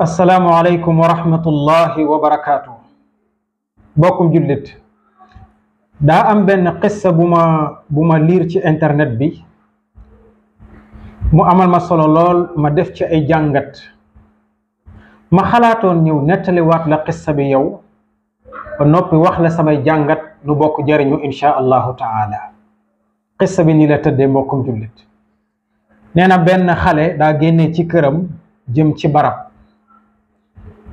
assalaamu aleykum wa rahmatullahi wa barakaatu bokkum jullit daa am benn xissa bu ma liir ci internet bi mu amal ma solo lool ma def ci ay jàngat ma xalaatoon ñëw nettaliwaat la xissa bi yow ba noppi wax la samay jàngat nu bokk jariñu insha allahu taala xissa bi nii la tëddee mbokkum jullit nee na benn xale daa génnee ci këram jëm ci barab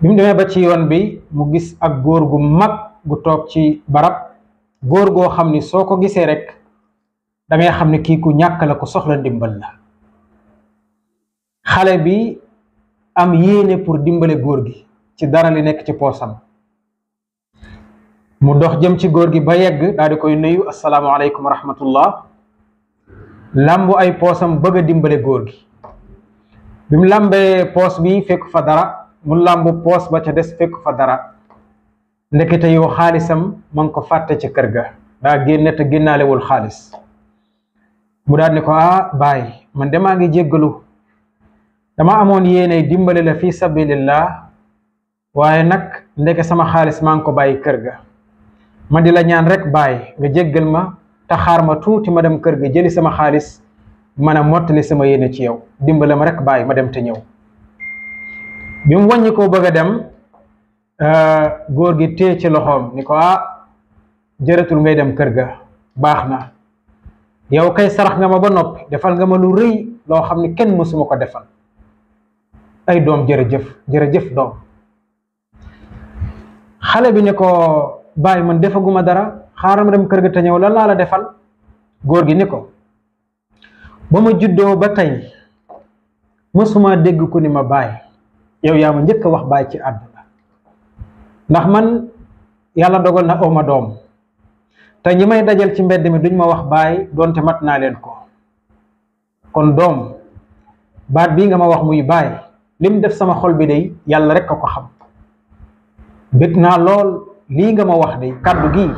bi mu demee ba ci yoon bi mu gis ak góor gu mag gu toog ci barab góor goo xam ni soo ko gisee rek da xam ne kii ku ñàkk la ku soxla ndimbal la xale bi am yéene pour dimbale góor gi ci dara li nekk ci poosam mu dox jëm ci góor gi ba yegg daal di koy nuyu asalaamaaleykum wa rahmatullah làmbu ay poosam bëgg a dimbale góor gi bi mu làmbee poos bi fekk fa dara mu làmb poos ba ca des fekk fa dara ndekete yoo xaalisam ma ngi ko fàtte ca kër ga daa génne te génnaalewul xaalis mu daal ne ko ah baay man de maa ngi jéggalu dama amoon yéenay dimbale la fi sabilillah waaye nag ndeke sama xaalis maa ngi ko bàyyi kër ga ma di la ñaan rek baay nga jéggal ma te xaar ma tuuti ma dem kër ga jëli sama xaalis man a mottali sama yéene ci yow dimbale ma rek baay ma dem te ñëw bi mu wàññi koo bëgg a dem euh, góor gi téye ci loxoom ni ko ah jërëtul ngay dem kër ga baax na yow kay sarax nga ma ba noppi defal nga ma lu rëy loo xam ne kenn mësuma ko defal ay doom jërëjëf jërëjëf doom xale bi ne ko bàyyi man defaguma dara xaaral ma dem kër ga te ñëw lan laa la defal góor gi ni ko ba ma juddoo ba tey mësuma dégg ku ni ma bàyyi yow yaa ma njëkk a wax baay ci àdduna ndax man yàlla dogal na oma doom te ñi may dajal ci mbedd mi duñ ma wax baay doonte mat naa leen ko kon doom baat bii nga ma wax muy baay lim def sama xol bi day yàlla rek a ko xam bëgg naa lool lii nga ma wax day kàddu gi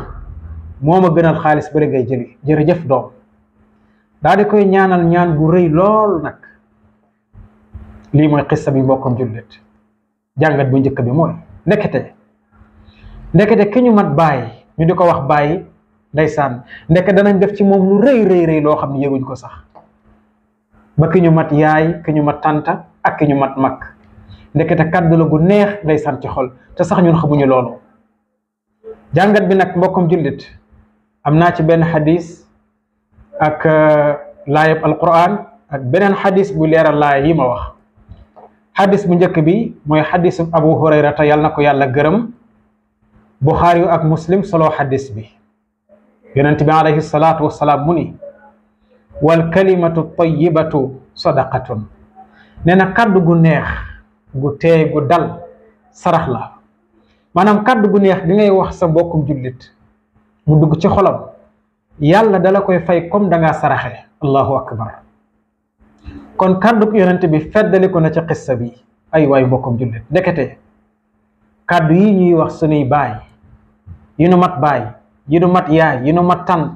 moo ma gënal xaalis bëri ngay jëli jërëjëf doom daa di koy ñaanal ñaan gu rëy lool nag lii mooy xissa bi mbokkoom jullit jàngat bu njëkk bi mooy ndekete ndekkete ki ñu mat baay ñu di ko wax bàyyi ndeysaan ndekete danañ def ci moom lu rëy rëy loo xam ne yëguñ ko sax ba ki ñu mat yaay ki ñu mat tanta ak ki ñu mat mag ndekete kàddu la gu neex ndeysaan ci xol te sax ñun xamuñu loolu jàngat bi nag mbokkoom jullit am naa ci benn xadis ak euh, laayab alquran ak beneen xadis bu leeral laay yi ma wax xadis bu njëkk bi mooy xadisu abu hurayrata yàlla na ko yàlla gërëm buxaari ak muslim solo xadis bi yonent bi alayhi salaatu wasalaam mu ni wal kalimatu tayyibatu sadaqatun nee na kàddu gu neex gu teey gu dal sarax la maanaam kàddu gu neex gi ngay wax sa mbokkum jullit mu dugg ci xolom yàlla dala koy fay comme dangaa saraxe allahu akbar kon kàdduk yonent bi feddaliku na ci xissa bi ay waay mbokkum jullit ndekete kàddu yi ñuy wax sunuy baay yi nu mat baay yi nu mat yaay yi nu mat tànt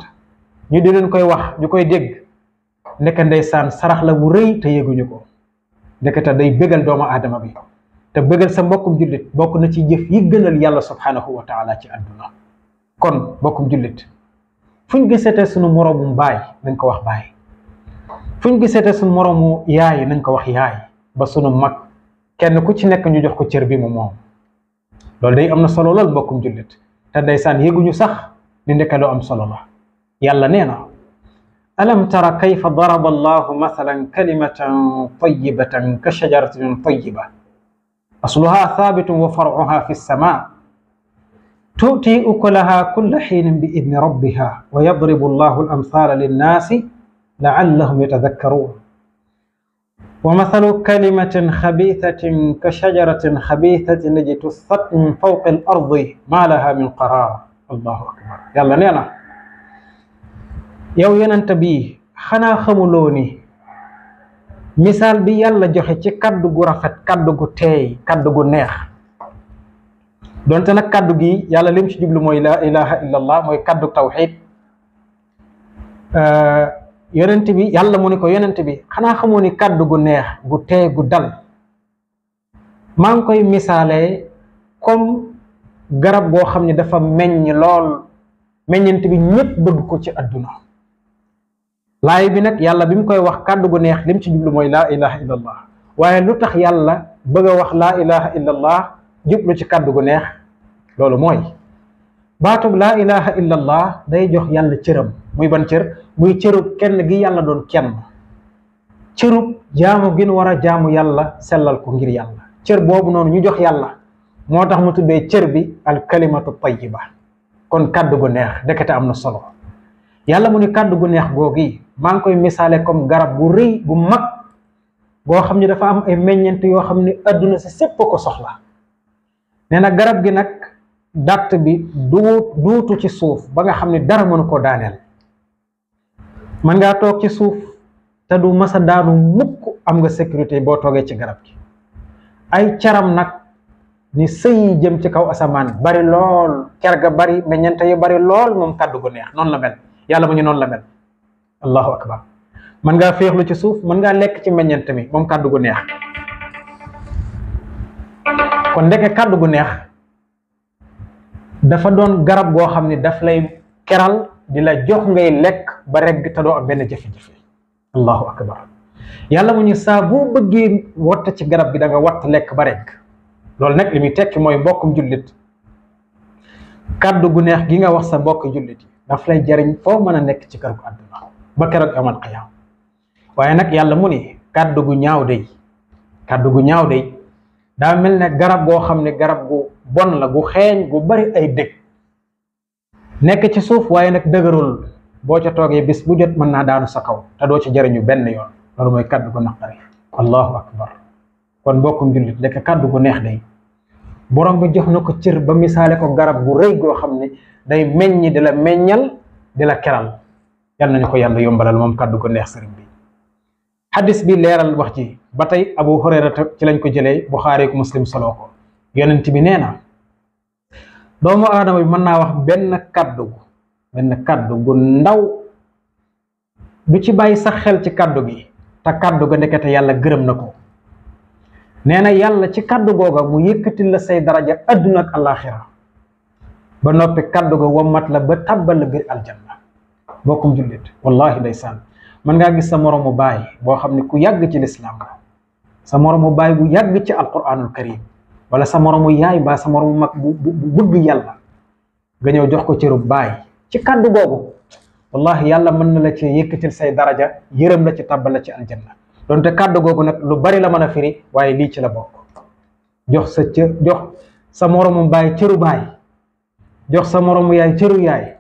ñu di leen koy wax ñu koy dégg ndeke ndeysaan sarax la bu rëy te yëguñu ko ndekete day bégal doomu aadama bi te bëggal sa mbokkum jullit bokk na ci jëf yi gënal yàlla subhanahu wa taala ci àdduna kon mbokkum jullit fu ñu gisatee sunu moroomu baay nañ ko wax baay fu ñu gisee te suñ moroomu yaay nañ ko wax yaay ba sunu mag kenn ku ci nekk ñu jox ko cër bi mu moom loolu day am na solo lool mbokkum jullit te ndeysaan yëguñu sax di ndeke lu am solo la yàlla nee na alam tara kayfa daraba allahu mathalan kalimatan tayyibatan ka shajaratin tayyiba asluha thabitun wa far'uha fi sama tu'ti ukulaha kulla xiinin bi idni rabbiha wa yadribu allahu al amthala linnaasi لعلهم يتذكرون ومثل كلمة خبيثة كشجرة خبيثة اجتثت من فوق الأرض ما لها من قرار الله أكبر yàlla nee na yow yonent bi xanaa xamuloo ni misaal bi yàlla joxe ci kaddu gu rafet kaddu gu teey kaddu gu neex doonte nag kaddu gi yàlla lim ci jublu mooy laa ilaha illa allah mooy kaddu tawxid yonent bi yàlla mu ne ko yonent bi xanaa xamoo ni kàddu gu neex gu tee gu dal maa ngi koy misaale comme garab goo xam ne dafa meññ lool meññent bi ñépp bëgg ko ci àdduna laay bi nag yàlla bi mu koy wax kàdd gu neex lim ci jublu mooy laa ilaha illa allah waaye lu tax yàlla bëgg a wax laa ilaha illa allah jublu ci kàdd gu neex loolu mooy baatub laa ilaha illa allah day jox yàlla cëram muy ban cër muy cërub kenn gi yàlla doon kenn cërub jaamu gin war a jaamu yàlla sellal ko ngir yàlla cër boobu noonu ñu jox yàlla moo tax mu tuddee cër bi al kalimatu tayyiba kon kàdd gu neex ndekete am na solo yàlla mu ni kàdd gu neex googi maa ngi koy misaale comme garab gu rëy bu mag boo xam ne dafa am ay meññent yoo xam ne adduna si sépp ko soxla nee na garab gi nag datt bi duut duutu ci suuf ba nga xam ne dara mënu ko daaneel mën ngaa toog ci suuf te du masa daanu mukk am nga sécurité boo toogee ci garab gi ay caram nag ni sëyi jëm ci kaw asamaan bari lool ker ga bari meññante yu bari lool moom kàddu gu neex noonu la mel yàlla mu ñu noonu la mel allahu akbar mën ngaa féexlu ci suuf mën ngaa lekk ci meññante mi moom kàddu gu neex kon ndeke kàddu gu neex dafa doon garab goo xam ne daf lay keral di la jox ngay lekk ba regg te doo am benn jafe-jafe allahu akbar yàlla mu ñu saa bëggee watt ci garab gi da nga watt lekk ba regg loolu nag li muy tekki mooy mbokkum jullit kàddu gu neex gi nga wax sa mbokk jullit daf lay jariñ foo mën a nekk ci kër gu àdduna ba keroog amal xiyaam waaye nag yàlla mu ne kàddu gu ñaaw day kàddu gu ñaaw day daa mel na garab goo xam ne garab gu bon la gu xeeñ gu bari ay dëkk nekk ci suuf waaye nag dëgërul boo ca toogee bis bu jot mën naa daanu sa kaw te doo ci jariñu benn yoon loolu mooy kàddu gu naqari allahu akbar kon ko jullit lekk kàddu gu neex day boroom bi jox na ko cër ba misaale ko garab gu rëy goo xam ne day meññi di la meññal di la keral yal nañu ko yàlla yombalal moom kàddu gu neex sëriñ bi xadis bi leeral wax ci ba tey abu hurayrata ci lañ ko jëlee buxaari ak muslim solo ko yonent bi nee na doomu aadama bi mën naa wax benn kàddu gu benn kàddu gu ndaw du ci bàyyi sax xel ci kàddu gi te kàddu ga ndekete yàlla gërëm na ko nee na yàlla ci kàddu googa mu yëkkatil la say daraja adduna ak alaxira ba noppi kàddu ga wammat la ba tàbbal la biir aljanna bokkum jullit wallahi ndeysaan mën ngaa gis sa moroomu baay boo xam ne ku yàgg ci lislaam la sa moromu baay bu yàgg ci alquranul karim wala sa moromu yaay ba sa moromu mag bu bu bëgg yàlla nga ñëw jox ko cërub baay ci kàddu googu wallahi yàlla mën na la ci yëkkatil say daraja yërëm la ci tàbbal la ci aljanna donte kàddu googu nag lu bari la mën a firi waaye lii ci la bokk jox sa cër jox sa moromu baay cëru baay jox sa moromu yaay cëru yaay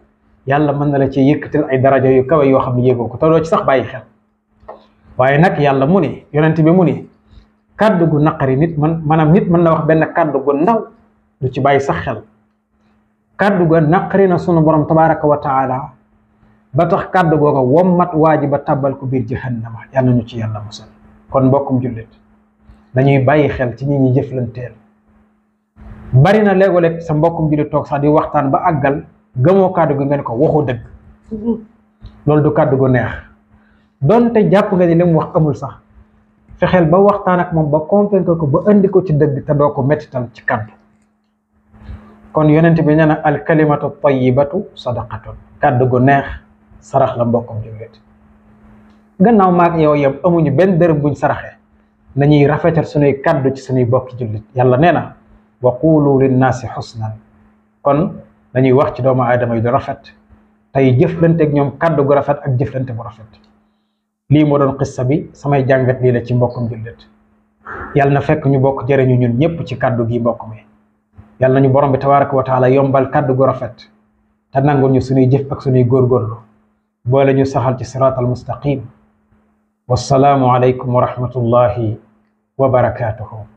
yàlla mën na la ci yëkkatil ay daraja yu kawe yoo xam ne yéegoo ko te doo ci sax bàyyi xel waaye nag yàlla mu kàddu gu naqari nit man maanaam nit mën na wax benn kàddu gu naw du ci bàyyi sax xel kàddu ga naqari na sunu borom tabaraka wa taala ba tax kàddu googa wommat waa ji ba tàbbal ko biir jahannama yàlla ñu ci yàlla musal kon mbokkum jullit dañuy bàyyi xel ci ñi ñuy jëflanteel bari na léegoo-léeg sa mbokkum jullit toog sax di waxtaan ba àggal gëmoo kàddu gi ngeen ko waxu dëgg mm-hmm. loolu du kàddu gu neex donte jàpp nga ni li mu wax amul sax fexeel ba waxtaan ak moom ba convaincre ko ba indi ko ci dëgg te doo ko méttital ci kàddu kon yonent bi nee na al kalimatu tayyibatu sadaqatun kàddu gu neex sarax la mbokkum jullit gannaaw maag yow yam amuñu benn dërëm buñ saraxee nañuy rafetal suñuy kàddu ci sunuy bokki jullit yàlla nee na wa qulu linnaasi xusnan kon dañuy wax ci doomu aadama yi du rafet tey jëflanteeg ñoom kàddu gu rafet ak jëflante bu rafet lii moo doon xissa bi samay jàngat lii la ci mbokkum jullit yal na fekk ñu bokk jëriñu ñun ñëpp ci kàddu gi mbokk mi yàlla nañu borom bi tabaraka wa taala yombal kàddu gu rafet te nangul ñu suñuy jëf ak suñuy góorgóorlu boole ñu saxal ci siraatal wa wassalaamu aleykum wa rahmatullahi wa barakaatuhu